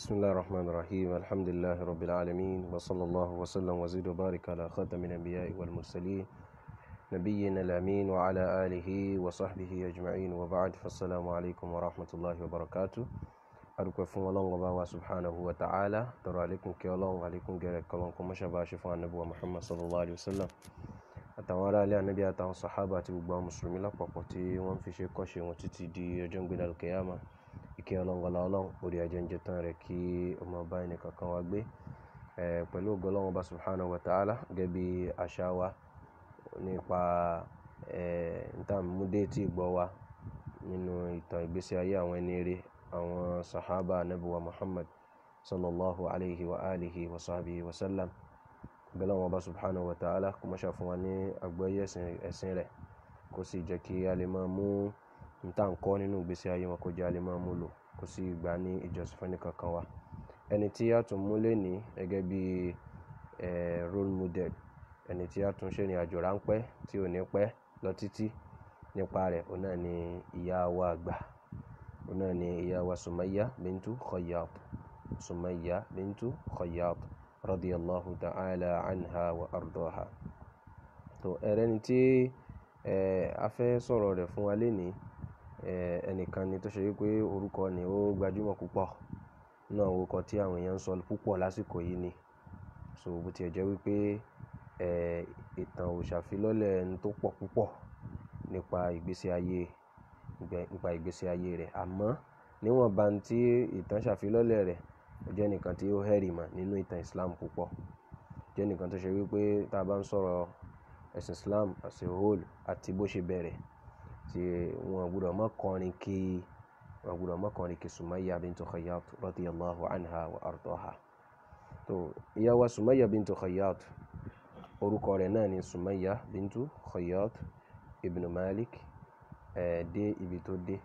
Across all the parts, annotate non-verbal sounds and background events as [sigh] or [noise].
بسم الله الرحمن الرحيم الحمد لله رب العالمين وصلى الله وسلم وزيد وبارك على خاتم الأنبياء والمرسلين نبينا الأمين وعلى آله وصحبه أجمعين وبعد فالسلام عليكم ورحمة الله وبركاته adúpẹ́ fún ọlọ́run ọba wa subhanahu wa ta'ala tọrọ àlékún kí ọlọ́run àlékún gẹ̀rẹ̀ kọlọ́n kó mọ́ṣẹ́ bá ṣe fún anábíwá muhammad sallallahu alayhi wa sallam àtàwọn ará ilé anábíà àtàwọn sàhábà àti gbogbo àwọn mùsùlùmí lápapọ̀ tí wọ́n fi ṣe kọ́ṣe wọn títí di ọjọ́ ìgbéra lókè yàmá ìkẹ́ ọlọ́run ọlá ọlọ́run orí ajẹ́njẹ tán rẹ̀ kí ọmọ bá ẹnì kankan wa gbé pẹ̀lú ògo ọlọ́run ọba subhanahu wa ta'ala gẹ́gẹ́ bí àṣà wa nípa ntàmúdé tí ìgbọ́ wa nínú ìtàn ìgbésí ayé àwọn ẹni rere àwọn sahaba anabiwa muhammad sallallahu alayhi wa alihi wa sahbihi wa sallam gbẹ́lẹ́ wọn ọba subhanahu wa ta'ala kó máa ṣàfihàn ní àgbọ́yé ẹ̀sìn rẹ̀ kó sì jẹ́ kí a lè máa mú ohun tá ń kọ́ nínú ìgbésí ayé wọn kó jẹ́ a lè máa mú lò kó sì gba ní ìjọsìn fún ẹni kankan wa. Ẹni tí a tún mú léèní gẹ́gẹ́ bí, ẹ́, role model, ẹni tí a tún ṣe ìrìnàjò ránpẹ́ tí ò ní pẹ́ lọ títí nípa rẹ̀, ọ̀un nà ni ìyá wa àgbà. Ọ̀un nà ni ìyá wa Sumayya bintu Khayyat. Sumayya bintu Khayyat radiyallahu ta'ala anha wa ardaha. Tò, ẹni tí, ẹ́, a fẹ́ sọ̀rọ̀ rẹ̀ fún wa léèní eh, ẹnìkan ni tó ṣe wípé orúkọ ni ó gbajúmọ̀ púpọ̀. Náà orúkọ tí àwọn èèyàn ń sọ púpọ̀ lásìkò yìí ni. So bó ti jẹ́ wípé, eh, ìtàn òòṣà fi lọ́lẹ̀ ẹni tó pọ̀ púpọ̀ nípa ìgbésí ayé, nípa ìgbésí ayé rẹ̀. Àmọ́ níwọ̀n bá ń tí ìtàn ṣàfilọ́lẹ̀ rẹ̀, ó jẹ́ ẹnìkan tí ó hẹ́rì mọ̀ nínú ìtàn Islam púpọ̀. Ó jẹ́ ẹnìkan tó ṣe wípé tí a bá ń sọ̀rọ̀ ẹ̀sìn Islam as a whole àti bó ṣe bẹ̀rẹ̀ tí wọn gbọ́dọ̀ má kọrin kí wọn gbọ́dọ̀ má kọrin kí Sumayya bintu Khayyat radiyallahu anha wa ardaha tó ìyá wa Sumayya bintu Khayyat orúkọ rẹ̀ náà ni Sumayya bintu Khayyat ibn Malik ẹ̀ dé ibi tó dé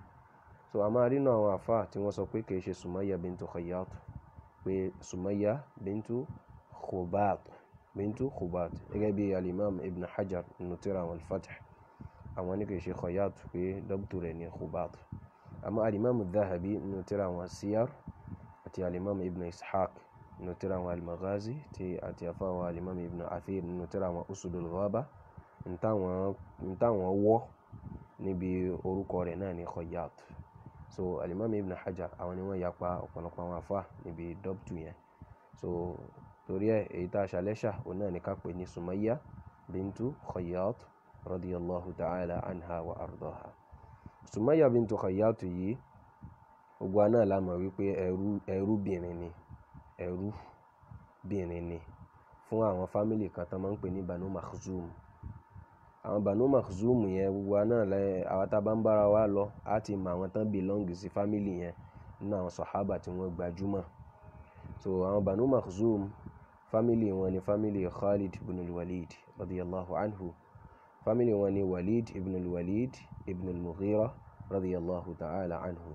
so a máa rínú àwọn àfáà tí wọ́n sọ pé kì í ṣe Sumayya bintu Khayyat pé Sumayya bintu Khubat bintu Khubat gẹ́gẹ́ bí alimam ibn Hajar nùtírà wọn fatah àwọn ní kì í ṣe kọ̀yàtù pé dọ́kítù rẹ̀ ní khubaatu àmọ́ alimami dhahabi nínú tírà wọn siyar àti alimami ibn ishaq nínú tírà wọn almaghazi àti afáwọn alimami ibn athir nínú tírà wọn usudul ghaba ntáwọn wọ́ níbi orúkọ rẹ̀ náà ní kọ̀yàtù so alimami ibn hajar àwọn ni wọ́n yapa ọ̀pọ̀lọpọ̀ àwọn afa níbi dọ́kítù yẹn so torí ẹ̀ èyí tá a ṣàlẹ́ṣà òun náà ní ká pè ní sumayya bintu kọ̀yàtù radiyallahu ta'ala anha wa ardaha Sumayya bintu Khayyatu yìí gbogbo aná la mọ̀ wípé ẹrú ẹrúbìnrin ni ẹrúbìnrin ni fún àwọn fámìlì kan tó máa ń pè ní Banu Makhzum àwọn Banu Makhzum yẹn gbogbo aná la àwọn tá a bá ń wa lọ á ti mọ àwọn tán bìlọ́ǹgì sí fámìlì yẹn nínú àwọn sọ̀hábà tí wọ́n gbajúmọ̀ so àwọn Banu Makhzum fámìlì wọn ni fámìlì Khalid ibn al-Walid radiyallahu anhu family wọn ni walid ibn al-walid ibn al-mughira radiyallahu ta'ala anhu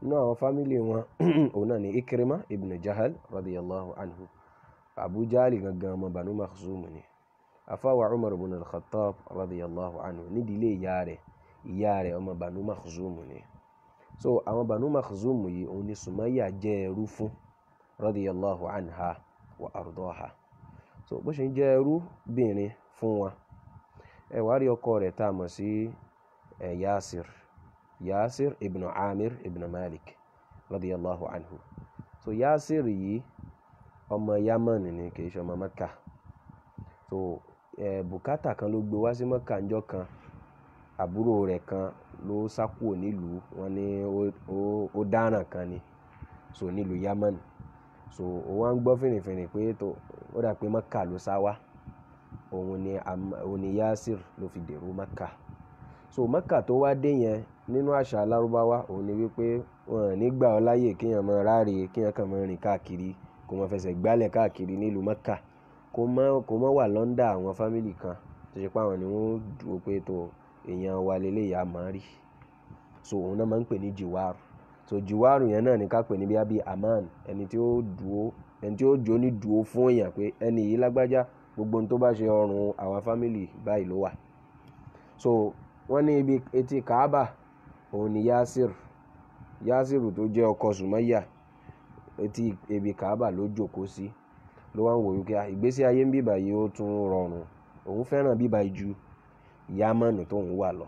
nínú àwọn family wọn [clears throat] òun náà ni ikrima ibn jahal radiyallahu anhu abu jahali gangan ọmọ banu makhzum ni afáwà umar ibn al-khattab radiyallahu anhu nídìílé ìyá rẹ̀ ìyá rẹ̀ ọmọ banu makhzum ni so àwọn banu makhzum yìí òun ni sumaya jẹ́ ẹrú fún radiyallahu anha wa ardaha so bó ṣe ń jẹ́ ẹrú bìnrin fún wa ẹ wá rí ọkọ rẹ̀ tá a mọ̀ sí ẹ Yasir Yasir ibn Amir ibn Malik radiyallahu anhu so Yasir yìí ọmọ Yaman ni kì í ṣe ọmọ Mẹ́kà so ẹ bùkátà kan ló gbé wá sí Mẹ́kà ńjọ́ kan àbúrò rẹ̀ kan ló sá kúrò nílùú wọn ní ó dáràn kan ni so nílùú Yaman so ó wá ń gbọ́ fìrìfìrì pé tó ó dà pé Mẹ́kà ló sá wá òun ni òun ni Yasir ló fi dèrò Mẹ́kà so Mẹ́kà tó wá dé yẹn nínú àṣà alárúbáwá òun ni wípé wọn ò ní gbà ọ láyè kéèyàn máa ráre kéèyàn kàn máa rìn káàkiri kó máa fẹsẹ̀ gbálẹ̀ káàkiri nílùú Mẹ́kà kó má kó má wà lọ́ndà àwọn fámìlì kan tó ṣe pé àwọn ni wọ́n dúró pé tó èèyàn wa lélẹ́yà máa rí so òun náà máa ń pè ní jiwaru so jiwaru yẹn náà ni ká pè ní bíi aman ẹni tí ó dúó ẹni tí ó dúó ní dúó fún èèyàn pé ẹni yìí lágbájá gbogbo tó bá ṣe ọrùn àwọn fámìlì báyìí ló wà so wọ́n ní ibi etí kaaba òun ni yasir yasir tó jẹ́ ọkọ sùmọ́yà etí ibi kaaba ló jókòó sí ló wá ń wò wípé ìgbésí ayé ń bíbà yìí ó tún rọrùn òun fẹ́ràn bíbà yìí ju yamani tóun wà lọ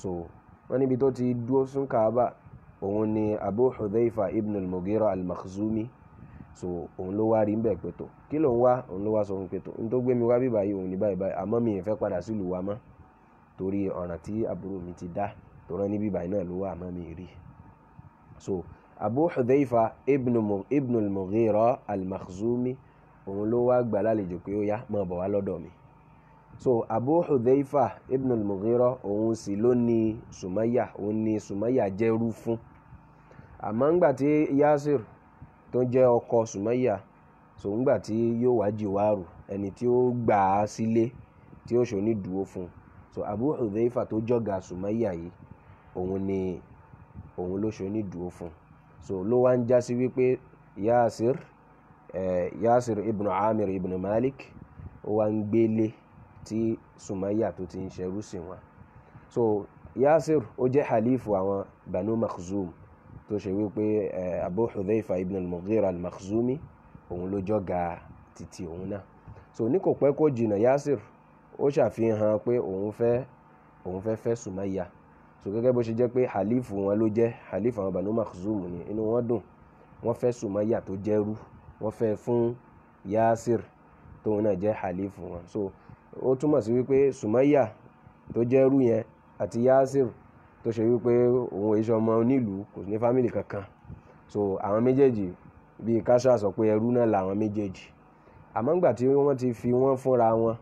so wọ́n níbi tó ti dúró sún kaaba òun ni abu hudhaifa ibn al-mugira al-makhzumi al so òun ló wá rí bẹ́ẹ̀ pẹ̀tọ̀ kí lòun wá òun ló wá sọ fún pẹ̀tọ̀ n tó gbé mi wá bí báyìí òun ní báyìí báyìí àmọ́ mi ì fẹ́ padà sílùú wa mọ́ torí ọ̀ràn tí àbúrò mi ti dá tó rán ní bíbáyìí náà ló wá àmọ́ mi ì rí so abu hudhaifa ibn ibn al-mughira al-makhzumi òun ló wá gbà lálejò pé ó yá mọ̀ bọ̀ wá lọ́dọ̀ mi so abu hudhaifa ibn al-mughira òun sì ló ní sumaya òun ní sumaya jẹ́rú fún àmọ́ ńgbà yasir tó jẹ́ ọkọ Sùmẹ́yà sòǹgbà tí yóò wá jìwàrù ẹni tí ó gbà á sílé tí ó ṣòní dúró fún so Abu Hudhaifa tó jọ̀gà Sùmẹ́yà yìí òun ni òun ló ṣòní dúró fún so ló wá ń já wípé Yasir eh, Yasir ibn Amir ibn Malik ó wá ń gbélé tí Sùmẹ́yà tó ti ń ṣerú sí wọn so Yasir ó jẹ́ halifu àwọn Banu Makhzum tó ṣe wípé eh, Abu Hudhaifa ibn al-Mughira al-Makhzumi òun ló jọ́ga títí òun náà so ní kò pẹ́ kó jìnnà Yasir ó ṣàfihàn pé òun fẹ́ òun fẹ́ fẹ́ Sumayya so gẹ́gẹ́ bó ṣe jẹ́ pé halifu wọn ló jẹ́ halifu àwọn Banu Makhzum ni inú wọn dùn wọ́n fẹ́ Sumayya tó jẹ́rú wọ́n fẹ́ fún Yasir tóun náà jẹ́ halifu wọn so ó túmọ̀ sí wípé Sumayya tó jẹ́rú yẹn àti Yasir tó ṣe wípé òun èso ọmọ onílùú kò ní fámìlì kankan so àwọn méjèèjì bíi káṣá sọ pé ẹrú náà làwọn méjèèjì àmọ́ ńgbà tí wọ́n ti fi wọ́n fúnra wọn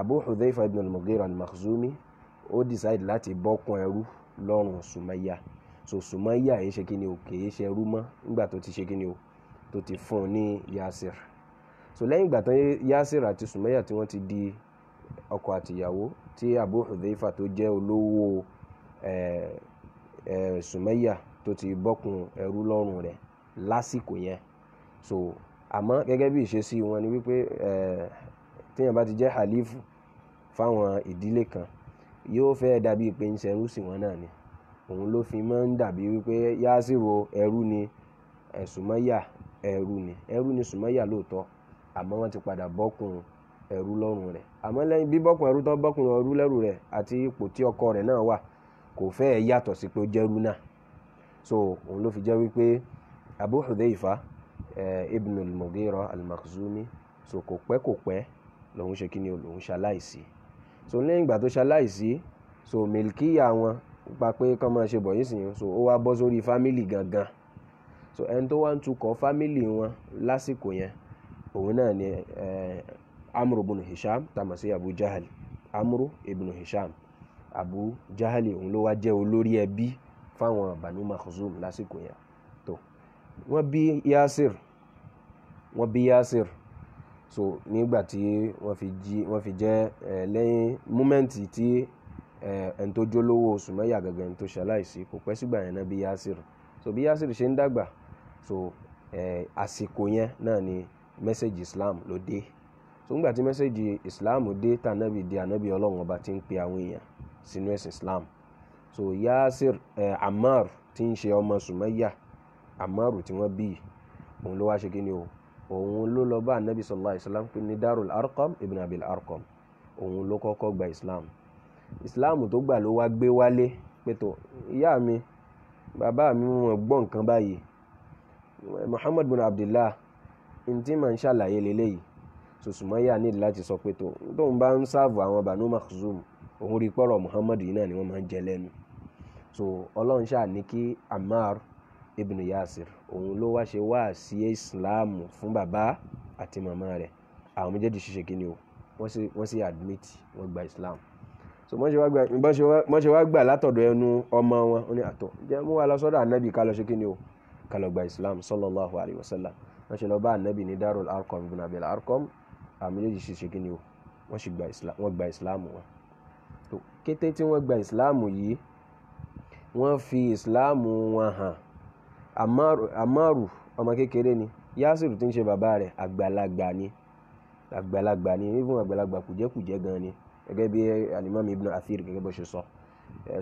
Abu Hudhayfa ibn al-Mughira al-Makhzumi ó decide láti bọ́kun ẹrú lọ́rùn Sumayya so Sumayya yìí ṣe kíni o kìí ṣe ẹrú mọ́ ńgbà tó ti ṣe kíni o tó ti fún un ní Yasir so lẹ́yìn ìgbà tán Yasir àti Sumayya tí wọ́n ti di ọkọ àtìyàwó tí Abu Hudhayfa tó jẹ́ olówó Sùmẹ́yà tó ti bọ́kùn ẹrú lọ́rùn rẹ̀ lásìkò yẹn so àmọ́ gẹ́gẹ́ bí ìṣesí wọn ni wípé téèyàn bá ti jẹ́ halifu fáwọn ìdílé kan yóò fẹ́ dàbí pé ń ṣerú sí wọn náà ni òun ló fi máa ń dàbí wípé Yásírò ẹrú ni Sùmẹ́yà ẹrú ni ẹrú ni Sùmẹ́yà lóòótọ́ àmọ́ wọ́n ti padà bọ́kùn ẹrú lọ́rùn rẹ̀ àmọ́ lẹ́yìn bí bọ́kùn ẹrú tó bọ́kùn ẹrú lẹ́rù rẹ̀ àti ipò tí ọkọ rẹ̀ náà wà kò fẹ́ẹ̀ yàtọ̀ sí pé ó jẹ́rú náà so òun ló fi jẹ́ wípé Abu Hudhaifa ibn al-Mughira al-Makhzumi so kò pẹ́ kò pẹ́ lòun ṣe kí ni lòun ṣaláìsí so lẹ́yìn ìgbà tó ṣaláìsí so milkiya wọn gba pé kán máa ṣe bọ̀ yín sìn so ó wá bọ́ sórí fámìlì gangan so ẹni tó wá ń tukọ̀ fámìlì wọn lásìkò yẹn òun náà ni eh, Amru ibn Hisham tamasi Abu Jahal Amru ibn Hisham Abu Jahali òun ló wá jẹ́ olórí ẹbí fáwọn Banu Makhzum lásìkò yẹn tó wọ́n bí Yasir wọ́n bí Yasir so nígbà tí wọ́n fi jí wọ́n fi jẹ́ ẹ lẹ́yìn múmẹ́ǹtì tí ẹ ẹni tó jólówó Sùmẹ́yà gẹ́gẹ́ ẹni tó ṣaláìsí kò pẹ́ sígbà yẹn náà bí Yasir so bí Yasir ṣe ń dàgbà so ẹ àsìkò yẹn náà ni mẹ́sẹ̀gì Islam ló dé so nígbà tí mẹ́sẹ̀gì Islam dé tànàbì di ànábì Ọlọ́run ọba ti ń pe àwọn èèyàn sínú ẹ̀sìn Islam so Yasir eh, Ammar tí ń ṣe ọmọ Sumayya Ammar tí wọ́n bí òun ló wá ṣe kí ni o òun ló lọ bá anabi sallallahu alayhi wa sallam pé ní darul arqam ibn abil arqam òun ló kọ́kọ́ gba Islam Islam tó gbà ló wá gbé wálé pé tó ìyá mi bàbá mi wọn gbọ́ nǹkan báyìí Muhammad bin Abdullah ntí màá ń ṣàlàyé lélẹ́yìí so Sumayya ní láti sọ pé tóun bá ń sáàbù àwọn Banu Makhzum òun rí pọ̀rọ̀ muhammadu yìí náà ni wọ́n máa ń jẹ lẹ́nu so ọlọ́run ṣáà ní kí ammar ibn yasir òun ló wá ṣe wá sí islam fún bàbá àti màmá rẹ̀ àwọn méjèèjì ṣiṣẹ́ kí ni o wọ́n sì admit wọ́n gba islam so wọ́n ṣe wá gbà látọ̀dọ̀ ẹnu ọmọ wọn ó ní àtọ̀ jẹ́ mú wa lọ sọ́dọ̀ ànábì ká lọ ṣe kí ni o ká lọ gba islam sallallahu alayhi wa sallam wọ́n ṣe lọ bá ànábì ní darul arqam ibn abil arqam àwọn méjèèjì ṣiṣẹ́ kí ni o wọ́n gba islam wọn kété tí wọ́n gba ìsìláàmù yìí wọ́n fi ìsìláàmù wọn hàn amaru ọmọ kékeré ni yasiru tí ń ṣe bàbá rẹ̀ àgbàlagbà ni àgbàlagbà ni even àgbàlagbà kùjẹ́kùjẹ́ gan ni gẹ́gẹ́ bí alimami ibn athir gẹ́gẹ́ bó ṣe sọ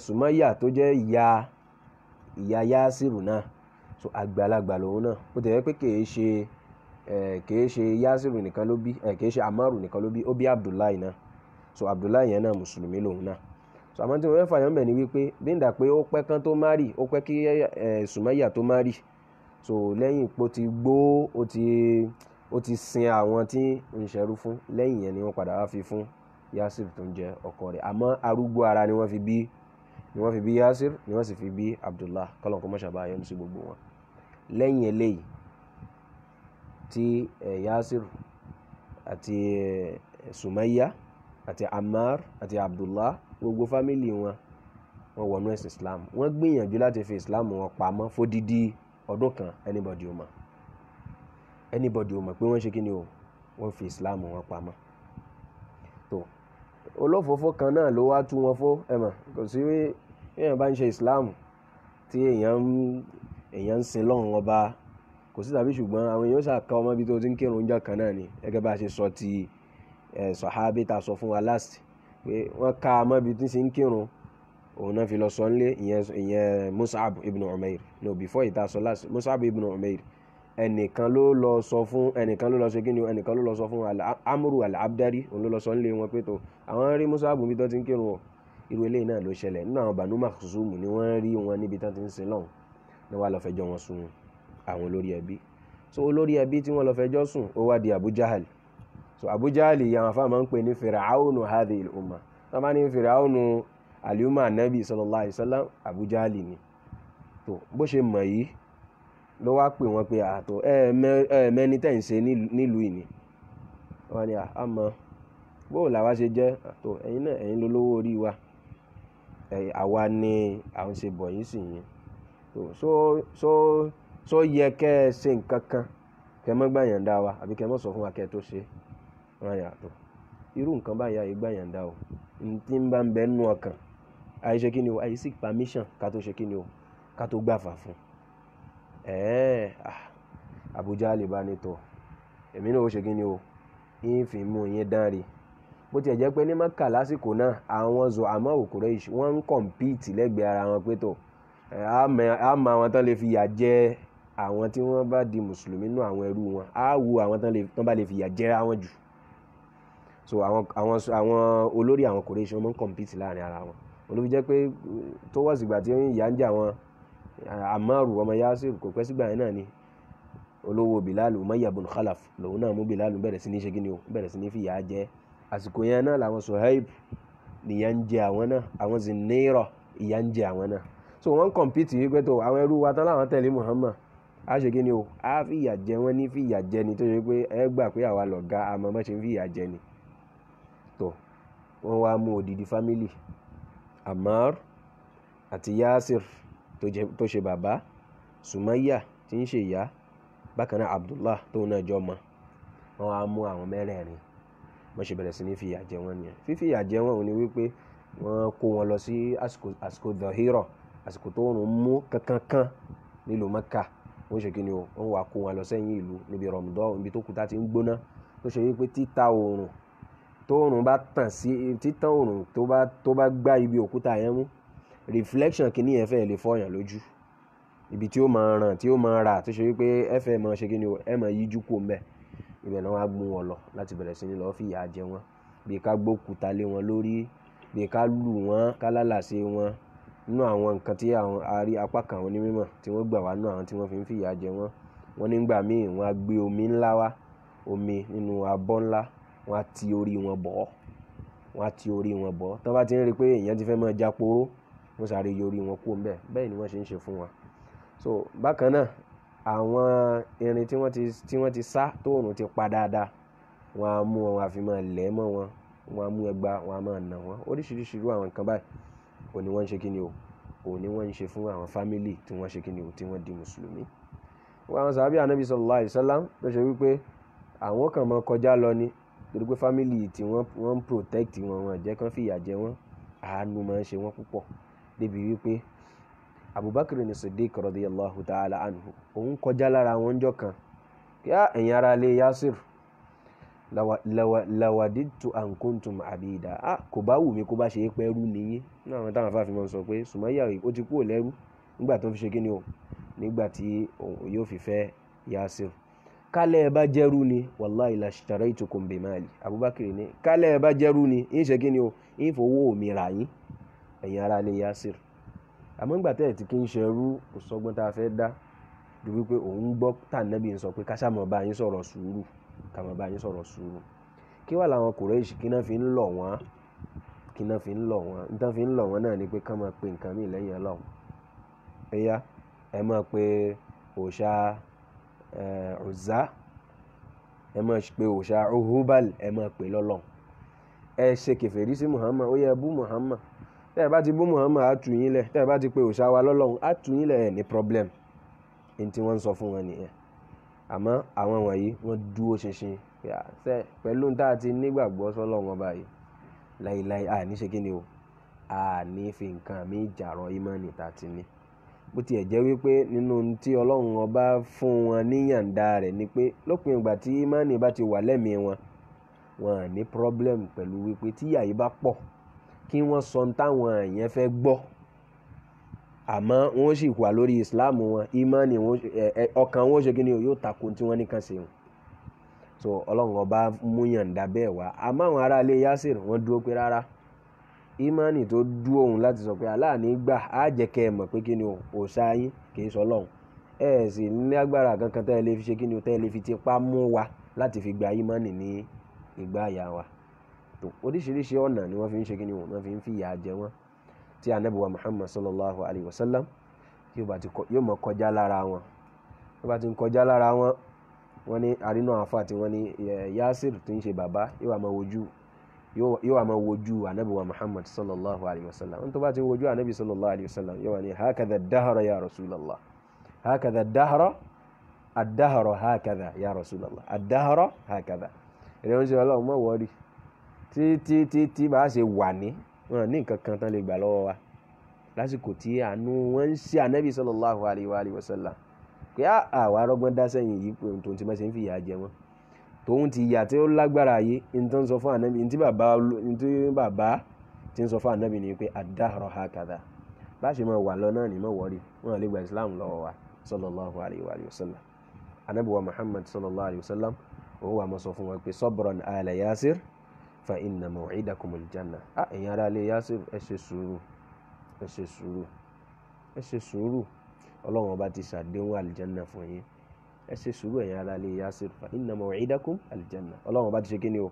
sùmáyà tó jẹ́ ìyá ìyá yasiru náà so àgbàlagbà lòun náà ó tẹ̀yẹ́ pé kìí ṣe kìí ṣe yasiru nìkan ló bí kìí ṣe amaru nìkan ló bí ó bí abdullahi náà so abdullahi yẹn náà mùsùlùmí lòun náà so àmọ́ tí mo fẹ́ fàyọ́ mbẹ̀ ni wípé bí n dà pé ó pẹ́ kán tó má rì ó pẹ́ kí sùmáyà tó má rì so lẹ́yìn pé ó ti gbó ó ti ó ti sin àwọn tí ń ṣẹrú fún lẹ́yìn yẹn ni wọ́n padà wá fi fún yasir tó ń jẹ ọkọ rẹ̀ àmọ́ arúgbó ara ni wọ́n fi bí ni wọ́n fi bí yasir ni wọ́n sì fi bí abdullah kọ́lọ́n kó mọ́ṣábà yẹn sí gbogbo wọn lẹ́yìn eléyìí tí yasir àti sùmáyà àti Ammar àti Abdullah gbogbo fámìlì wọn wọn wọnú ẹ̀sìn Islam wọ́n gbìyànjú láti fi Islam wọn pamọ́ fódìdí ọdún kan anybody ò mọ̀ anybody ò mọ̀ pé wọ́n ṣe kí ni o wọ́n fi Islam wọn pamọ́ tó olófòófó kan náà ló wá tú wọn fó ẹ mọ̀ kò sí èèyàn bá ń ṣe Islam tí èèyàn ń èèyàn ń sin lọ́run ọba kò sí tàbí ṣùgbọ́n àwọn èèyàn ṣàkà ọmọ ibi tó ti ń kírun jọ kan náà ni gẹ́gẹ́ bá a ṣe sọ ti Eh, sọ̀hábí ta sọ fún wa last pé wọ́n ká a mọ́bi tí ń ṣe ń kírun òun náà fi lọ sọ nílé ìyẹn Mus'ab ibn Umair no before ìta sọ last Mus'ab ibn Umair ẹnìkan ló lọ sọ fún ẹnìkan ló lọ sọ kíni ẹnìkan ló lọ sọ fún Amru al-Abdari òun ló lọ sọ nílé wọn pé tó àwọn rí Mus'ab bí tó ti ń kírun o irú eléyìí náà ló ṣẹlẹ̀ nínú àwọn Banu Makhzum ni wọ́n rí wọn níbi tó ti ń sin lọ́hùn ni wọ́n lọ fẹjọ́ wọn sùn àwọn olórí ẹbí so olórí ẹbí tí wọ́n lọ fẹjọ́ sùn ó wá di Abu Jahal so abujali àwọn afáàmà ń pè ní fìràáhùnù hadhihi al-umma wọ́n bá aliuma fìràáhùnù àlùmọ̀ ànábì sallallahu alaihi wasallam abujali ni to bó ṣe mọ̀ yìí ló wá pè wọ́n pé àtọ̀ ẹ̀ẹ̀mẹ́ni tẹ̀ ń ṣe nílùú ìní wọ́n ní àmọ́ bóò làwa ṣe jẹ́ àtọ̀ ẹ̀yin náà ẹ̀yin lólówó orí wa àwa ni à ṣe bọ̀ yín sì yín so so so yẹ kẹ́ ẹ ṣe nǹkan kan kẹ́ ẹ mọ́ gbàyàn dá wa àbí kẹ́ mọ́ sọ fún wa kẹ́ ẹ tó ṣe é wọn yà tó irú nǹkan báyà ìgbà yàn o ntí ń bá ń bẹ nù ọkàn àìṣe kí ni o àìsí permission ká tó ṣe kí ni o ká tó gbàfà fún ẹ̀ẹ́ àbújá ah, lè bá ní tọ̀ èmi náà ó ṣe kí ni o ìfì mú yín dánre bó tiẹ̀ jẹ́ pé ní mọ́kà lásìkò náà àwọn zọ àmọ́ Quraysh wọ́n ń kọ̀mpìtì lẹ́gbẹ̀ẹ́ ara wọn pé tọ̀ á mọ àwọn tán lè fi yà jẹ àwọn tí wọ́n bá di mùsùlùmí nù àwọn ẹrú wọn á wo àwọn tán bá lè fi yà jẹ àwọn jù so àwọn àwọn àwọn olórí àwọn kòrèṣì wọn máa ń compete láàrin ara wọn olóbi jẹ́ pé towards ìgbà tí ìyá ń jẹ àwọn amaru ọmọ yasir kò pẹ́ sígbà yẹn náà ni olówó bilal umayya bin khalaf lòun náà mú bilal bẹ̀rẹ̀ sí ní ṣe kíni o bẹ̀rẹ̀ sí ní fìyà jẹ àsìkò yẹn náà làwọn suhaib nìyà ń jẹ àwọn náà àwọn zinira ìyà ń jẹ àwọn náà so wọ́n ń compete yìí pé tó àwọn ẹrú wa tán láwọn tẹ̀lé muhammad a ṣe kíni o a fìyà jẹ wọn ní fìyà jẹ ni tó ṣe pé ẹ gbà pé àwa lọ̀gá àmọ́ bá ṣe ń fìyà jẹ ni tọ̀ wọ́n wá mú odidi family amar àti Yasir tó ṣe bàbá Sumayya tí ń ṣe ìyá bákan náà Abdullah tó náà jọ ọmọ wọ́n wá mú àwọn mẹ́rẹ̀ẹ̀rin wọ́n ṣe bẹ̀rẹ̀ sí ní fìyà jẹ wọ́n nìyẹn fífìyà jẹ wọ́n ò ní wípé wọ́n kó wọn lọ sí àsìkò dọ̀hírọ̀ àsìkò tó rùn mú kankankan nílùú Mẹ́kà wọ́n ṣe kíni o wọ́n wá kó wọn lọ sẹ́yìn ìlú níbi rọ̀mùdọ́ ibi tó kúta ti ń gbóná tó ṣe wípé títa oòrùn tóòrùn bá tàn sí títàn òrùn tó bá tó bá gbá ibi òkúta yẹn mú reflection kìíní yẹn fẹ́ lè fọyàn lójú ibi tí ó máa ràn tí ó máa rà tó ṣe wípé ẹ fẹ́ máa ṣe kíni o ẹ máa yíjú kó mbẹ ibẹ̀ náà wá gbé wọn lọ láti bẹ̀rẹ̀ sí ni lọ́ọ́ fi ìyà jẹ wọn bí ká gbókúta lé wọn lórí bí ká lù wọn ká lálàsẹ wọn nínú àwọn nǹkan tí àwọn arí apá kan àwọn onímọ̀ tí wọ́n gbà wá nínú àwọn tí wọ́n fi ń fìyà jẹ wọ́n wọ́n nígbà míì wọ́n á gbé omi ńlá wá omi nínú abọ́ ńlá wọ́n á ti orí wọn bọ̀ ọ́ wọ́n á ti orí wọn bọ̀ ọ́ tán bá ti ń rí i pé èèyàn ti fẹ́ máa japoró wọ́n sáré yorí wọn kú ńbẹ̀ bẹ́ẹ̀ ni wọ́n ṣe ń ṣe fún wa so bákan náà àwọn irin tí wọ́n ti tí wọ́n ti sá tóòrùn ti pa dáadáa wọ́n á mú wọn wọ́n á fi máa lẹ̀ mọ́ wọn wọ́n á mú ẹgba wọ́n á máa nà wọ́n oríṣiríṣi irú àwọn nǹkan báyìí òun ni wọ́n ń ṣe kí ni o òun ni wọ́n ń ṣe fún àwọn fámìlì tí wọ́n ṣe kí ni o tí wọ́n di mùsùlùmí wọ́n àwọn sàbí ànábì sallallahu alaihi wasallam ló ṣe wípé àwọn kan máa kọjá lọ ni torí pé family tí wọ́n wọ́n ń protect wọn wọn jẹ́ kán fìyà jẹ wọ́n àánú máa ń ṣe wọ́n púpọ̀ débi wípé Abubakar ni Siddiq radiyallahu ta'ala anhu òun kọjá lára àwọn ọjọ́ kan kí á ẹ̀yin ara lè Yasir lawaditu an kuntum abida a kò bá wù mí kó bá ṣe é pẹ́rú nìyí ní àwọn táwọn afáfin máa ń sọ pé Sùmáyà ó ti kúrò lẹ́rú nígbà tó ń fi ṣe kí ni o nígbà tí yóò fi fẹ́ Yasir. kálẹ̀ ẹ bá jẹ́rú ni wàláì làṣàrẹ́ ìtukùn bèmáàlì abubakar ni kálẹ̀ ni ṣe kí o ń owo omi rà yín ara lè yasir àmọ́ ńgbà tí kí ń ṣerú kò sọ́gbọ́n tá a fẹ́ dá ju wípé tànàbí ń sọ pé káṣá mọ̀ bá yín sọ̀rọ̀ sùúrù bá yín sọ̀rọ̀ sùúrù kí wà láwọn kùrẹ́ẹ̀ṣì kí náà fi ń lọ̀ wọ́n kí náà fi ń lọ̀ wọ́n fi ń pe nǹkan míì lẹ́yìn ọlọ́run ẹ̀yà ọ̀zá eh, ẹ máa pe òòṣà ohubal ẹ máa pè lọ́lọ́n ẹ ṣe kèfèrí sí muhammad ó yẹ bú muhammad tẹ́ ẹ bá ti bú muhammad á tù yín lẹ̀ tẹ́ ẹ bá ti pe òòṣà wa lọ́lọ́n á tù yín lẹ̀ ẹ̀ ní problem ní tí wọ́n ń sọ fún wọn nìyẹn àmọ́ àwọn wọ̀nyí wọ́n dúró ṣinṣin pẹ̀lú tá a ti nígbàgbọ́ sọ́lọ́run ọba yìí láíláí àní ṣe kí ni o àní fi nǹkan mi jàrọ̀ ìmọ̀ nìta ti ní bó tiẹ̀ jẹ́ wípé nínú tí ọlọ́run ọba fún wọn níyàǹda rẹ̀ ni pé lópin ìgbà tí imáni bá ti wà lẹ́mìí wọn wọn à ní problem pẹ̀lú wípé tí ìyà yìí bá pọ̀ kí wọ́n sọ táwọn èèyàn fẹ́ gbọ́ àmọ́ wọ́n sì wà lórí islam wọn imáni ọkàn wọn ṣe kí ni yóò takò tí wọ́n nìkan ṣe wọn so ọlọ́run ọba mú yàǹda bẹ́ẹ̀ wá àmọ́ àwọn aráalé yásìrì wọ́n dúró pé rárá ìmánì tó dú òun láti sọ pé aláàní gbà á jẹ́ kẹ́ ẹ mọ̀ pé kí ni òòṣà yín kì í sọ lọ́hùn ẹ sì ní agbára kankan tẹ́ ẹ lè fi ṣe kí ni tẹ́ ẹ lè fi tipá mú wa láti fi gba ìmánì ní ìgbà àyà wa tó oríṣiríṣi ọ̀nà ni wọ́n fi ń ṣe kí ni wọ́n fi ń fìyà jẹ wọ́n tí anábìwá Muhammad sallallahu alayhi wa sallam yóò mọ kọjá lára wọn tó bá ti ń kọjá lára wọn wọn ní arínú àfa tí wọn ní Yasir tó ń ṣe bàbá yóò yóò wà máa wojú anabi wa muhammad sallallahu alayhi wa sallam n tó bá ti wojú anabi sallallahu alayhi wa sallam yóò wà ní hakadha dahara ya rasulallah hakadha dahara adahara hakadha ya rasulallah adahara hakadha ìrìn oúnjẹ ọlọ́run mọ̀ wọ́rí títí títí bá a ṣe wà ní wọn ní nǹkan kan tán lè gbà lọ́wọ́ wa lásìkò tí àánú wọn ń ṣe anabi sallallahu alayhi wa sallam pé àwa rọgbọ́n dá sẹ́yìn yìí pé ohun tó ti máa ṣe ń fìyà jẹ wọn tòun ti ìyà tí ó lágbára ayé ní tó ń sọ fún ànábì ní tí bàbá ní tí bàbá ti ń sọ fún ànábì ni pé àdáhọ̀rọ̀ ha kàdà bá ṣe máa wà lọ náà ní mọ̀ wọ́rí wọn àlè gba islam lọ́wọ́ wa sallallahu alayhi wa sallam ànábì wa muhammad sallallahu alayhi wa sallam òun wà máa sọ fún wa pé sabran ala yasir fa inna maw'idakumul janna a ẹ̀yin ará ilé yasir ẹ ṣe sùúrù ẹ ṣe sùúrù ẹ ṣe sùúrù ọlọ́run ọba ti ṣàdéhùn àlìjánná fún yín ẹ ṣe sùúrù ẹ̀yin ara lè yasir fa inna maw'idakum aljanna ọlọ́run bá ti ṣe kíni o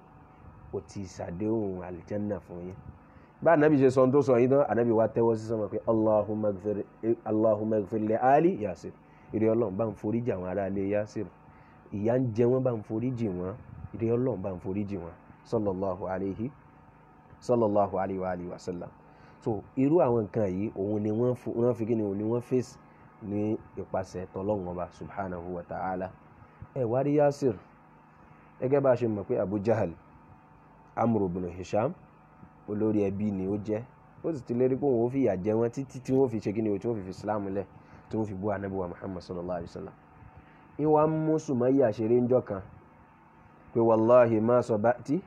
ó ti ṣàdéhùn aljanna fún yín bá anabi ṣe sọ ohun tó sọ yín tán anabi wa tẹ́wọ́ sí sọ́mọ pé allahumma ighfir li ali yasir ìrẹ́ ọlọ́run bá ń foríjì àwọn ará ilé yasir ìyà ń jẹ wọ́n bá ń foríjì wọ́n ìrẹ́ ọlọ́run bá ń foríjì wọ́n sallallahu alayhi yìí òun ni wọ́n fi ní ìpasẹ̀ tọlọ́run ọba subhanahu wa ta'ala ẹ wá rí Yasir gẹ́gẹ́ bá a ṣe mọ̀ pé Abu Jahal Amru bin Hisham olórí ẹbí ni ó jẹ́ ó sì ti lérí pé òun ó fìyà jẹ wọn títí tí wọ́n fi ṣe kíni o tí wọ́n fi fi Islam lẹ̀ tí wọ́n fi bú Ànábì wa Muhammad sallallahu alayhi wa sallam ìwà mú Sumayya ṣeré kan pé wàláhi má sabati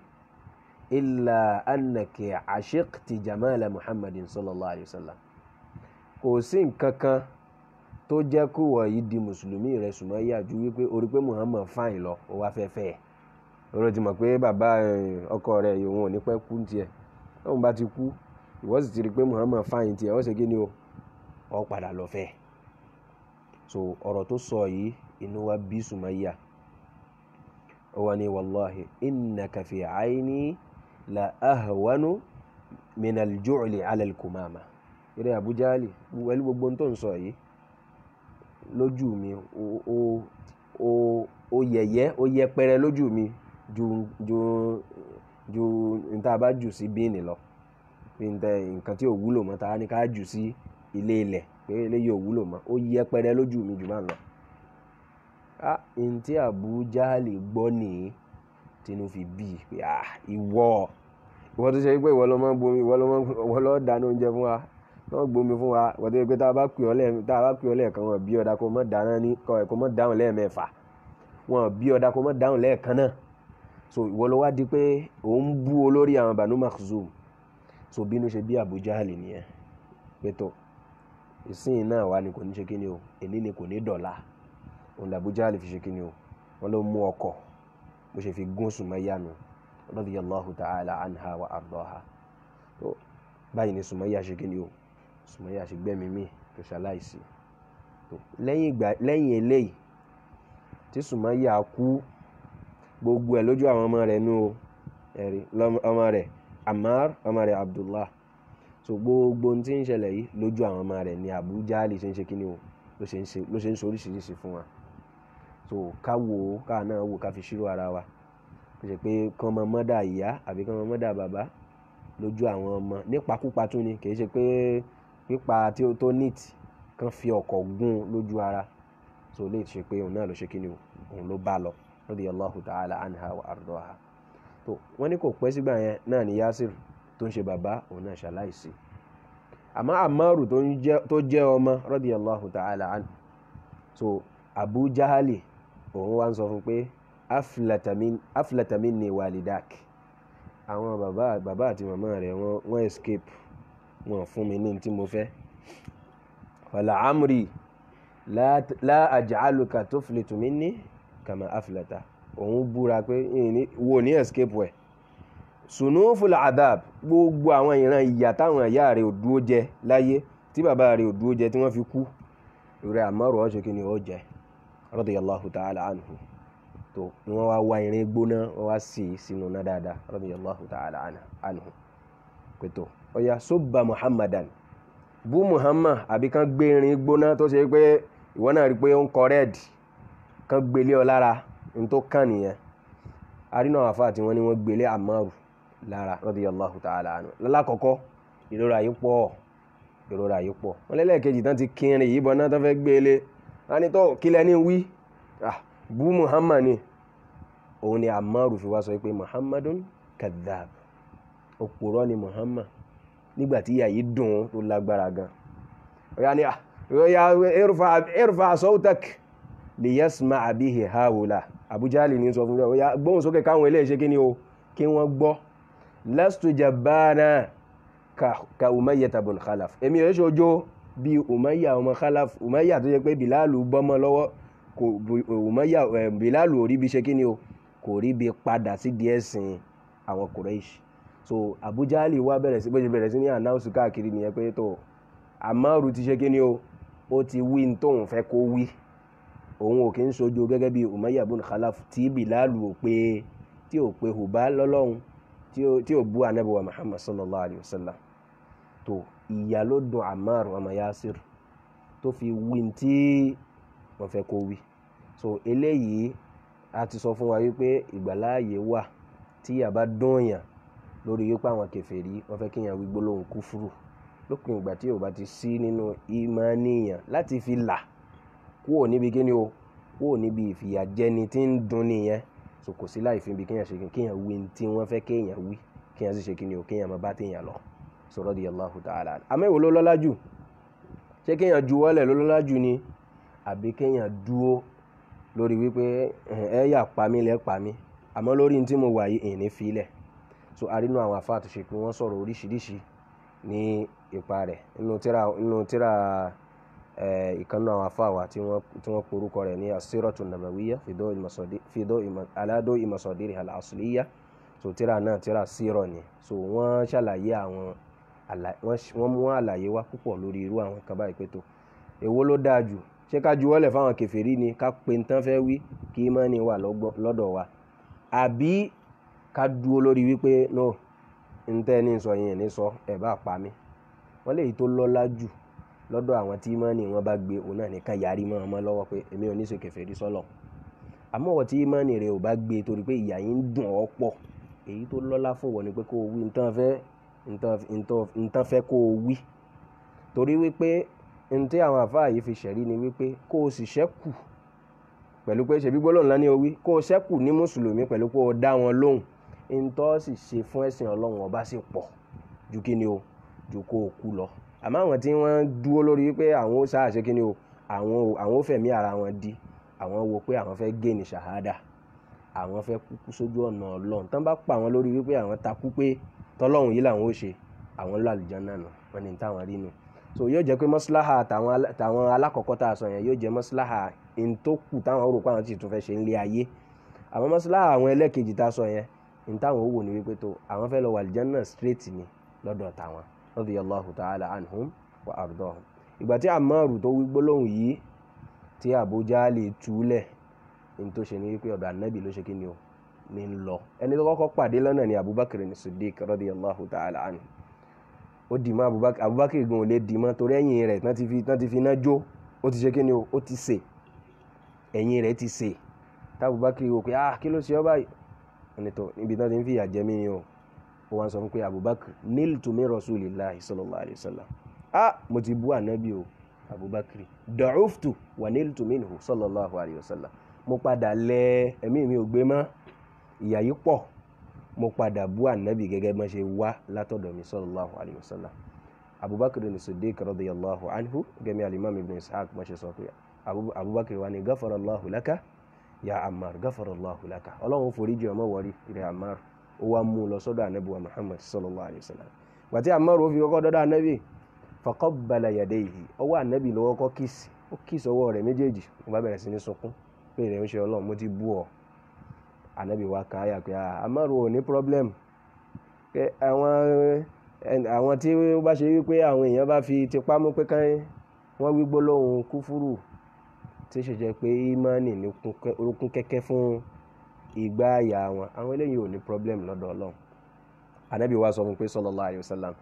illa annaki ashiqti jamala Muhammadin sallallahu alayhi sallam kò sí nǹkan kan. tó jẹ́ kó wọ̀ yìí di mùsùlùmí rẹ̀ Sumayya ju wípé orí pé Muhammad fáìn lọ ó wá fẹ́ fẹ́ ẹ̀ lọ́rọ̀ ti mọ̀ pé bàbá eh, ọkọ rẹ̀ ìwọ̀n ò ní pẹ́ kú tiẹ̀ lóun bá ti kú ìwọ sì ti rí pé Muhammad fáìn tiẹ̀ ó ṣe kí ni o ó padà lọ so ọ̀rọ̀ tó sọ yìí inú wa bí Sumayya ó wà ní wàláhi àìní la ahwanu gbogbo lójú mi o o o o yẹ̀yẹ́ o yẹpẹrẹ lójú mi ju ju ju níta bá jù sí bíìnì lọ nǹkan tí ò wúlò mọ́ ta ni ká jù sí ilé ilẹ̀ pé eléyìí ò wúlò mọ́ ó yẹpẹrẹ lójú mi jù máa lọ. a ntí Àbújá lè gbọ́ nìyí tinú fi bí i pé ah, ìwọ ìwọ tó ṣe pé ìwọ ló bomi ìwọ ló máa ń dáná oúnjẹ fún wa náà gbomi fún wa wọ́n ti rí pé tá a bá pè ọ́ lẹ́ẹ̀ tá a bá pè ọ́ lẹ́ẹ̀kan wọn bí ọ̀dà kó mọ́ dáná ní kó mọ́ dáhùn lẹ́ẹ̀mẹ́fà wọn bí ọ̀dà kó mọ́ dáhùn lẹ́ẹ̀kan náà so ìwọ ló wá di pé òun bú olórí àwọn Banu Makhzum so bínú ṣe bí Abu Jahali nìyẹn pé tó ìsìn náà wà ní kò ní ṣe kí ni o èní ni kò ní dọ̀la òun làbú Jahali fi ṣe kí ni o wọn ló mú ọkọ̀ bó ṣe fi gún Sumayya nù radiyallahu ta'ala anha wa ardaha báyìí ni Sumayya ṣe kí ni o Sùmọ́yà Ṣègbẹ́mi mi tó ṣaláìsí. Lẹ́yìn ìgbà lẹ́yìn eléyìí tí Sùmọ́yà kú gbogbo ẹ̀ lójú àwọn ọmọ rẹ̀ nú o ẹ̀rí ọmọ rẹ̀ Ammar ọmọ rẹ̀ Abdullah so gbogbo ohun tí ń ṣẹlẹ̀ yìí lójú àwọn ọmọ rẹ̀ ní Abu Jali ṣe ń ṣe kíni o ló ṣe ń ṣe fún wa so ká wò ó ká náà wò ká fi ṣírò ara wa kò ṣe pé kán mọ mọ́dà ìyá àbí kán mọ mọ́dà bàbá lójú àwọn ọmọ nípakúpa tún ni kì í ṣe pé pípa tí ó tó neat kan fi ọkọ̀ gún lójú ara so lè ṣe pé òun náà ló ṣe kí ni òun ló bá lọ radiyallahu ta'ala anha wa ardaha tó wọ́n ní kò pẹ́ sígbà yẹn náà ni Yasir tó ń ṣe bàbá òun náà ṣaláìsí àmọ́ Ammaru tó jẹ́ ọmọ radiyallahu ta'ala anhu so Abu Jahali òun wá ń sọ fún pé afilatamin ni walidak àwọn bàbá àti màmá rẹ̀ wọ́n escape wọn fún mi ní tí mo fẹ́. wàlà amri la àjàlùkà tó filẹ̀ tù mí ní kàmá àfìlàtà òun búra pé wo ní escape wẹ̀ sunuful adab gbogbo àwọn ìran ìyà táwọn ìyá rẹ̀ ò dúró jẹ láyé tí bàbá rẹ̀ ò dúró jẹ tí wọ́n fi kú rẹ̀ àmọ́rò ọ̀ṣọ́ kí ni ó jẹ radiyallahu ta'ala anhu tó wọ́n wá wá irin gbóná wọ́n wá sí sínú náà dáadáa radiyallahu ta'ala anhu pẹ̀tọ́. ọ̀yà sọ́ba muhammadan bú muhammad àbí kan gbé irin gbóná tó ṣe pé ìwọ náà rí i pé ó ń kọ rẹ́ẹ̀dì kan gbélé ọ lára n tó kàn nìyẹn arínà àfa àti wọn ni wọn gbélé amaru lára radiyallahu ta'ala anhu lálákọ̀ọ́kọ́ ìrora yìí pọ̀ ìrora yìí pọ̀ wọn lẹ́lẹ́kejì tán ti kiri yìí bọ̀ náà tán fẹ́ gbélé wọn ni tó kílẹ̀ ní wí ah, bú muhammad ni òun ni amaru fi wá sọ pé muhammadun kadab òpùrọ́ ni muhammad nígbà tí ìyá yìí dùn ún tó lágbára gan ọ̀yá ni ah, irfa sawtak li yasma'a bihi haula Abu Jali ní sọ fún mi ọ̀yá káwọn ilé kí ni o kí wọ́n gbọ́ lastu jabbana ka umayya tabun khalaf èmi ò ṣojo bí umayya ọmọ khalaf umayya tó yẹ pé bilalu bọ́mọ lọ́wọ́ kò umayya eh, bilalu ò bí ṣe kí ni o kò rí bí padà sí díẹ̀ sìn àwọn Quraysh so Abu Jahali wá bẹ̀rẹ̀ sí bẹ̀rẹ̀ sí ní ànáwùsù káàkiri nìyẹn pé tó Amaru ti ṣe kíni o ó ti wí ní tóun fẹ́ kó wí òun ò kí ń sojú gẹ́gẹ́ bí Umayya bun Khalaf tí Bilalu ò pé tí ò pé hùbá lọ́lọ́run tí ò bú Ànábì wa Muhammad sallallahu alayhi wa sallam tó ìyá Amaru ọmọ Yasir tó fi wí tí wọ́n fẹ́ kó wí so eléyìí a ti sọ fún wa wípé ìgbàláàyè wà tí yàrá dùn yàn lórí wípé àwọn kèfèrí wọ́n fẹ́ kéèyàn wí gbólóhùn kúfúrù lópin ìgbà tí yorùbá ti sí nínú ìmánìyàn láti fi là kúò níbi kíni o kúò níbi ìfìyàjẹni tí ń dun nìyẹn so kò sí láì fi ibi kéèyàn ṣe kí kéèyàn wí tí wọ́n fẹ́ kéèyàn wí kéèyàn sì ṣe kíni o kéèyàn máa bá téèyàn lọ so radiyallahu ta'ala àmọ́ èwo ló lọ́lá jù ṣé kéèyàn ju wọ́lẹ̀ ló lọ́lá jù ni àbí kéèyàn dúó lórí wípé ẹ yà pa mí lẹ́ pa mí àmọ́ lórí ní tí mo wà yìí ìní fi lẹ̀ so arínú àwọn àfa àtúnṣe pé wọ́n sọ̀rọ̀ oríṣiríṣi ní ipa rẹ̀ nínú tíra nínú tíra ìkànnì àwọn afa wa tí wọ́n porúkọ rẹ̀ ní asírọ̀tù nàbàwíyá fìdó aládó ìmọ̀sọ̀dírì àlàásùlíyá so tíra náà tíra sírọ̀ ni so wọ́n ṣàlàyé àwọn wọ́n mú àlàyé wá púpọ̀ lórí irú àwọn kaba báyìí pé tó èwo ló dáa jù ṣé ká juwọ́lẹ̀ fáwọn kèfèrí ni ká pe ń tán fẹ́ wí kí mọ́ni wà lọ́dọ̀ wa àbí ká dúró lórí wípé no ntẹ́ ní sọ yẹn ní sọ ẹ̀ bá pa mí wọ́n lè tó lọ́lá jù lọ́dọ̀ àwọn tí ìmọ̀ọ́nì wọn bá gbé òun náà nìkan yarí mọ́ ọmọ lọ́wọ́ pé èmi ò ní ṣe kèfèrí sọ́lọ̀ àmọ́ ọ̀tí ìmọ̀ọ́nì rẹ̀ ò bá gbé torí pé ìyà yín ń dùn ọ́ pọ̀ èyí tó lọ́lá fún wọn ni pé kó o wí ntán fẹ́ ntán fẹ́ kó o wí torí wípé ntí àwọn àfáà yìí fi ṣẹ̀rí ni wípé kó o sì ṣẹ́kù pẹ̀lú pé ṣèbí gbólóhùn lá ní o kó o ṣẹ́kù ní mùsùlùmí pẹ̀lú pé o dá wọn lóhùn ntọ́ sì ṣe fún ẹ̀sìn ọlọ́run ọba sì pọ̀ ju kí ni o ju kó o kú lọ àmọ́ àwọn tí wọ́n dúró lórí pé àwọn ó ṣáàṣe kí ni o àwọn àwọn ó fẹ̀mí ara wọn di àwọn wo pé àwọn fẹ́ gé ní ṣàhádà àwọn fẹ́ kúkú sójú ọ̀nà ọlọ́run tán bá pa àwọn lórí wípé àwọn takú pé tọ́lọ́run yìí làwọn ó ṣe àwọn lọ àlùjánnà nù wọn ni táwọn rí nù so yóò jẹ́ pé mọ́síláhà tàwọn alákọ̀ọ́kọ́ tá a sọ yẹn yóò jẹ́ mọ́síláhà ntókù táwọn rò pé àwọn ti tún fẹ́ ṣe ń lé ayé àwọn mọ́síláhà àwọn ẹlẹ́kejì tá a sọ yẹn n táwọn ò wò ní wípé tó àwọn fẹ́ lọ wà àlìjánà straight ni lọ́dọ̀ tàwọn radiyallahu ta'ala anhum wa ardahum ìgbà tí àmọ́rù tó wí gbólóhùn yìí tí Abu Jahali túlẹ̀ ní tó ṣe ní wípé ọ̀dọ̀ ànábì ló ṣe kí ni o ní ń lọ ẹni tó kọ́kọ́ pàdé lọ́nà ni Abubakar ní Siddiq radiyallahu ta'ala anhu ó dì mọ́ Abubakar gan ò lè dì mọ́ torí ẹ̀yìn rẹ̀ tán ti fi iná jó ó ti ṣe kí ni o ó ti sè ẹ̀yìn rẹ̀ ti sè tábùbákiri wò pé ah kí ló ṣe ọ báyìí onítọ̀ níbi náà ti ń fìyà jẹ mí ni o ó wá ń sọ fún pé Abubakar nílì tó mi Rasulillah sallallahu alaihi wasallam a mo ti bú ànábì o Abubakar da'uftu wà nílì tó mi nù sallallahu alaihi wasallam mo padà lẹ ẹ̀mí mi ò gbé mọ́ ìyà yìí pọ̀ mo padà bú ànábì gẹ́gẹ́ bọ́n ṣe wá látọ̀dọ̀ mi sallallahu alaihi wasallam Abubakar ni Siddiq radiyallahu anhu gẹ́mi alimami ibn Ishaq bọ́n ṣe sọ pé Abubakar wa ni ghafara Allahu laka ya ammar gafarallahu laka ọlọ́run forí jì ọmọ wọrí rẹ ammar ó wá mú lọ sọ́dọ̀ anabi wa muhammad sallallahu alayhi wa sallam ó fi kọ́kọ́ dọ́dọ̀ anabi faqabbala yadayhi ọwọ́ anabi lọ́wọ́ kọ́ kíìsì ó kíìsì ọwọ́ méjèèjì ó bá bẹ̀rẹ̀ sí ní sunkún pé ìrẹ̀ ń ṣe ti bú ọ anabi wa kà yà pé ammar ò ní problem àwọn tí ó bá ṣe wípé àwọn èèyàn bá fi tipá mú pé wọ́n tí ṣe jẹ́ pé imani ní ó keke kẹ́kẹ́ fún ìgbà àyà wọn àwọn eléyìí ò ní problem lọ́dọ̀ ọlọ́run anabi wa sọ fún pé sallallahu alayhi wa sallam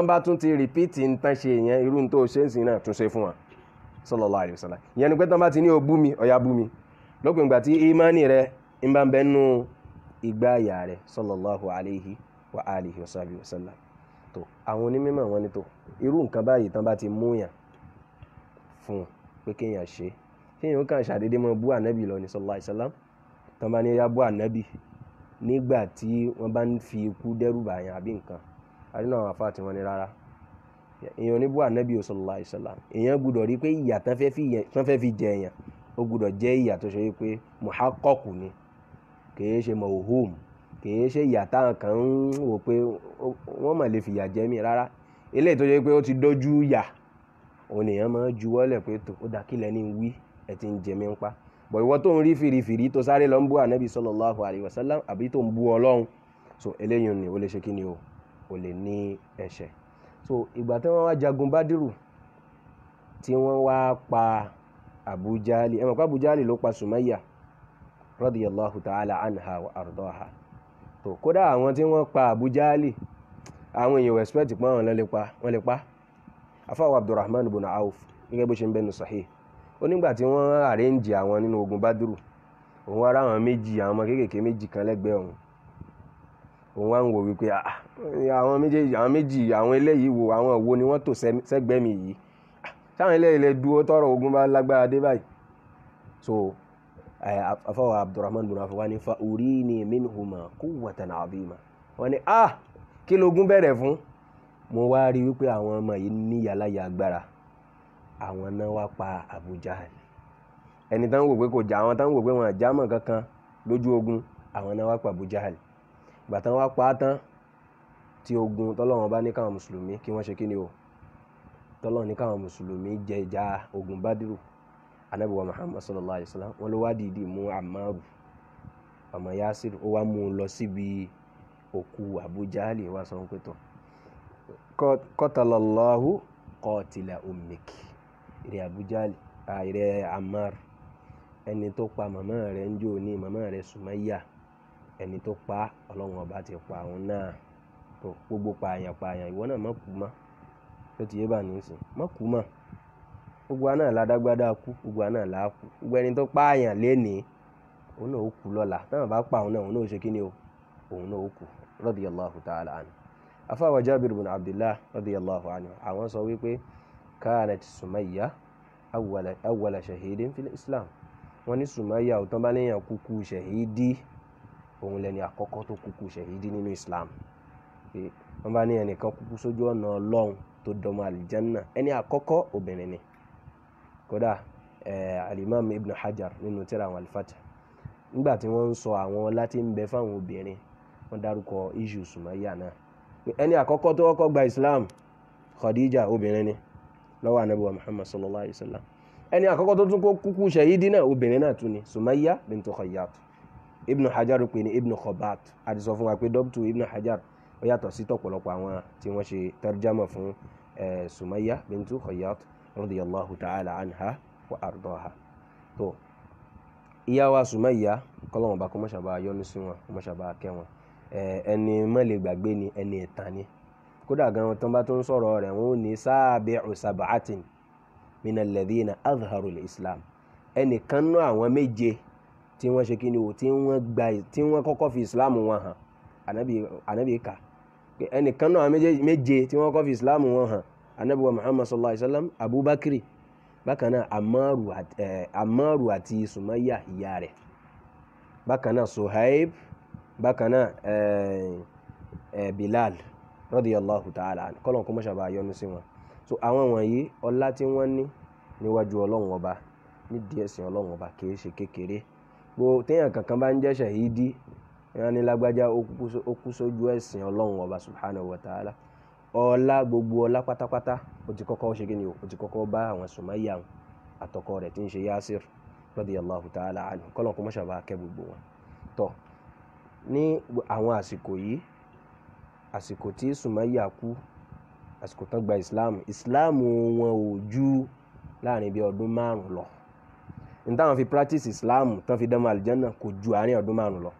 amaru ti rìpíìtì ń tán ṣe yẹn irú tó ṣe ń sìn náà tún ṣe fún wa ìyẹn ni ti ní o bú mi bú mi lópin ìgbà tí rẹ ń bá ń alayhi wa wa tó àwọn onímọ̀ wọn ni tó irú nǹkan báyìí tán bá ti mú yàn fún un pé kéèyàn ṣe kéèyàn ó kàn ṣàdédé mọ́ bú ànábì lọ ní sallallahu alaihi wasallam tán bá ní yá bú ànábì nígbà tí wọ́n bá ń fi ikú dẹ́rù bàyàn àbí nǹkan àdínà àwọn afá tí wọ́n rárá èèyàn ní ànábì sallallahu alaihi wasallam èèyàn gbúdọ̀ rí pé ìyà tán fẹ́ fi jẹ èèyàn ó gbúdọ̀ jẹ́ ìyà tó ṣe wípé muhakkọ́kù ni kì í ṣe mọ̀hóòmù kìí ṣe ìyà táwọn kan ń wò pé wọ́n mọ̀ lè fìyà jẹ mí rárá eléyìí tó ṣe pé ó ti dójú yà òun èèyàn máa ń juwọ́lẹ̀ pé ó dà kílẹ̀ wí ẹ̀ ti ń jẹ mí ń pa bọ̀ ìwọ tó ń rí fìrìfìrì tó sáré lọ ń bú ànábì sallallahu alaihi wasallam àbí tó ń bú ọlọ́run so eléyìí ni ó lè ṣe kí ni o ò lè ní ẹ̀ṣẹ̀ so ìgbà tí wọ́n wá jagun bádìrù tí wọ́n wá pa Abu Jali ẹ mọ̀ pé Abu Jali ló pa Sumayya radiyallahu ta'ala anha wa ardaha kódà àwọn tí wọ́n pa Abujaali. Jali àwọn èèyàn respect pọ́n àwọn wọ́n lè pa afáwọn Abdulrahman ibn Auf gẹ́gẹ́ bó ṣe ń bẹnu ó nígbà tí wọ́n àrẹ́ǹjì àwọn nínú ogun Badru òun wá ráwọn méjì àwọn ọmọ kéékèèké méjì kan lẹ́gbẹ̀ẹ́ òun òun wá ń wò wípé ah, ah, àwọn méjì àwọn wo ni wọ́n tò yìí táwọn ah, eléyìí lè dúró tọrọ ogun bá afọwọ́ abdulrahman bin afọwọ́ ni fa urini minhuma quwwatan azima wọ́n ní ah kí lógún bẹ̀rẹ̀ fún mo wá rí wípé àwọn ọmọ yìí níyàláyà agbára àwọn náà wá pa Abu Jahl ẹni tán wò pé kò já àwọn tán wò pé wọn àjá mọ̀ kankan lójú ogun àwọn náà wá pa Abu Jahl ìgbà tán wá pa á tán ogun tọ́lọ́wọ́n bá ní káwọn mùsùlùmí kí wọ́n ṣe kí o tọ́lọ́wọ́n ní káwọn mùsùlùmí jẹ ìjà ogun Bádírù anabi wa muhammad sallallahu alayhi wa sallam wọn ló wá dìídì mú amaru ọmọ yasir ó wá mú un lọ síbi òkú abu jahali wá sọ pé tọ kọtàlọlọhu kọtìlà ummik ìrẹ abu jahali ìrẹ amaru ẹni tó pa màmá rẹ̀ ń jò ní màmá rẹ̀ sùmáyà ẹni tó pa ọlọ́run ọba ti pa òun náà gbogbo pààyàn pààyàn ìwọ náà má tó ti yé bá nìyí sìn má gbogbo àná ládágbádá kú gbogbo àná là á kú gbogbo ẹni tó pààyàn lénìí òun náà ó kú lọ́la táwọn bá pa òun náà òun náà ó ṣe kíni o òun náà ó kú radiyallahu ta'ala anhu afáwọn Jabir bin Abdullah radiyallahu anhu àwọn sọ wípé kanat Sumayya awwala awwala shahidin fil Islam wọ́n ní Sumayya òtán bá léèyàn kúkú ṣèhídì òun lẹni àkọ́kọ́ tó kúkú ṣèhídì nínú Islam wọ́n bá ní ẹnìkan kúkú sójú ọ̀nà Ọlọ́run tó dọmọ àlìjánná ẹni àkọ́kọ́ obìnrin ni kódà eh, alimami ibn hajar nínú tírà àwọn alifata nígbà tí wọ́n ń sọ àwọn ọlá tí ń bẹ fáwọn obìnrin wọ́n dárúkọ iṣu náà gba islam khadija obìnrin ni lọ́wọ́ anabiwa muhammad sallallahu alayhi wa sallam ẹni àkọ́kọ́ tó tún kó kúkú obìnrin náà tún ni bintu ibn hajar pè ní ibn khobat àti sọ fún wa pé hajar ó yàtọ̀ sí tọ̀pọ̀lọpọ̀ àwọn tí wọ́n ṣe Sumayya bintu Khayyat radiyallahu ta'ala anha wa ardaha tó ìyá wa Sumayya kọ́lọ́wọ́n bá kó mọ́ṣá bá yọ́nú sí wọn kó mọ́ṣá bá kẹ́ wọn ẹni má lè gbàgbé ni ẹni ìtàn ni kódà gan tán bá tó ń sọ̀rọ̀ rẹ̀ wọ́n ní sabi'u sab'atin min alladhina azharu islam ẹnìkan nú àwọn méje tí wọ́n ṣe kí ni o tí wọ́n kọ́kọ́ fi islam wọn hàn ànábì kà ẹnìkan náà méje tí wọ́n kọ́ fi islam wọn hàn anabi muhammad sallallahu Alaihi Wasallam sallam abubakar bákan náà amaru àti sumaya ìyá rẹ̀ bákan náà suhaib bákan náà bilal radiyallahu ta'ala kọ́lọ́n kó mọ́ sábà yọ́nú sí wọn so àwọn wọ̀nyí ọlá tí wọ́n ní níwájú ọlọ́run ọba nídìí ẹ̀sìn ọlọ́run ọba kì í ṣe kékeré gbogbo téèyàn kankan bá ń jẹ́ ṣàhídì ìran ní lágbájá ó kú sójú ẹ̀sìn ọlọ́run ọba subhanahu wa ta'ala ọlá gbogbo ọlá pátápátá ó ti kọ́kọ́ ṣe kí ni ó ti kọ́kọ́ bá àwọn sùmáyà àtọkọ rẹ̀ tí ń ṣe yasir radiyallahu ta'ala anhu kọ́lọ́n kó mọ́ṣà bá kẹ́ gbogbo wọn tọ́ ní àwọn àsìkò yìí àsìkò tí sùmáyà kú àsìkò tán gba islam islam wọn ò ju láàrin bíi ọdún márùn lọ ní táwọn fi practice islam tán fi dánmọ àlìjánà kò ju àárín ọdún márùn lọ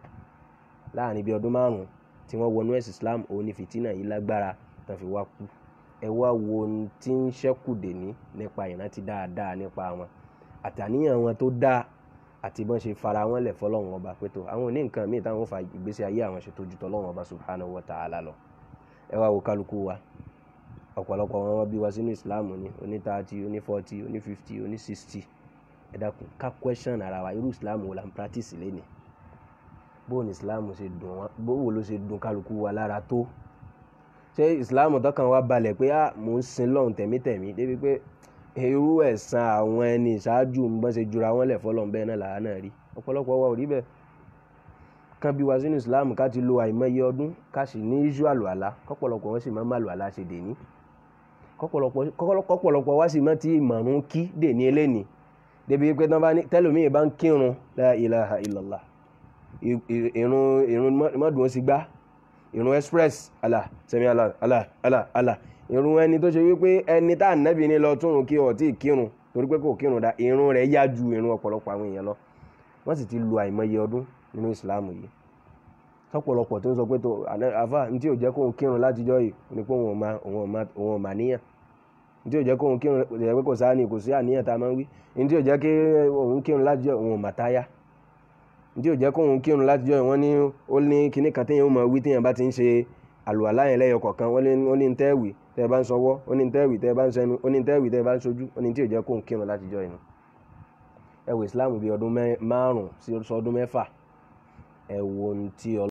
láàrin bí ọdún márùn-ún tí wọ́n wọnú ẹ̀sìn Islam òun ni fìtínà yìí lágbára tán fi wá kú ẹ wá wo ohun tí ń ṣẹ́kù dèní nípa ìrántí dáadáa nípa wọn àtàníyàn wọn tó dáa àti bọ́n ṣe fara wọn lẹ̀ fọlọ́run ọba pé tó àwọn oní nǹkan míì táwọn fa ìgbésí ayé àwọn ṣètò ju tọlọ́run ọba subhanahu wa ta'ala lọ ẹ wá wo kálukú wa ọ̀pọ̀lọpọ̀ wọn wọ́n bí wa sínú Islam ní oní thirty oní forty oní fifty oní sixty ẹ dákun ká question ara wa irú Islam wo la ń practice lénìí bó ní islam ṣe dùn wá bó wo ló ṣe dùn kálukú wa lára tó ṣé islam tọkàn wa balẹ̀ pé ah mò ń sin lọ́hùn tẹ̀mítẹ̀mí débi pé irú ẹ̀san àwọn ẹni ìṣáájú ń bọ́n ṣe jura wọn lẹ̀ fọlọ́n bẹ́ẹ̀ náà làá náà rí ọ̀pọ̀lọpọ̀ wa ò rí bẹ́ẹ̀ kan bí wa sínú islam ká ti lo àìmọye ọdún ká sì ní iṣu àlùalá kọ́pọ̀lọpọ̀ wọn sì máa má àlùalá ṣe dèní kọ́pọ̀lọpọ̀ wa sì máa ti ìmọ̀rún kí dèní eléni débi pé tẹ́lómi bá ń kírun la ilaha illallah irun irun mọ́dún sí gbá irun express ala sẹ́mi ala ala ala ala irun ẹni tó ṣe wípé ẹni tá ànábì ní lọ kí ọtí kírun torí pé kò kírun dá irun rẹ̀ yá ju irun ọ̀pọ̀lọpọ̀ àwọn èèyàn lọ wọ́n sì ti lu àìmọye ọdún nínú ìsìláàmù yìí tó ń sọ pé tó àfà, ní tí jẹ́ kírun látijọ́ yìí ni pé òun ní tí ò a máa ń wí ní tí ò kí tí ò jẹ́ kóun kírun látijọ́ yìí wọ́n ní ó ní kinní kan téèyàn máa wí téèyàn bá ti ń ṣe àlùwàlá yẹn lẹ́yọ kọ̀ọ̀kan ó ní tẹ́ẹ̀wì tẹ́ ẹ bá ń sọwọ́ ó ní tẹ́ẹ̀wì tẹ́ ẹ bá ń sẹnu ó ní tẹ́ẹ̀wì tẹ́ ẹ bá ń sojú ó ní tí ò jẹ́ kóun kírun látijọ́ yìí ẹ wo Islam bíi ọdún márùn-ún sí ọdún mẹ́fà ẹ wo ohun tí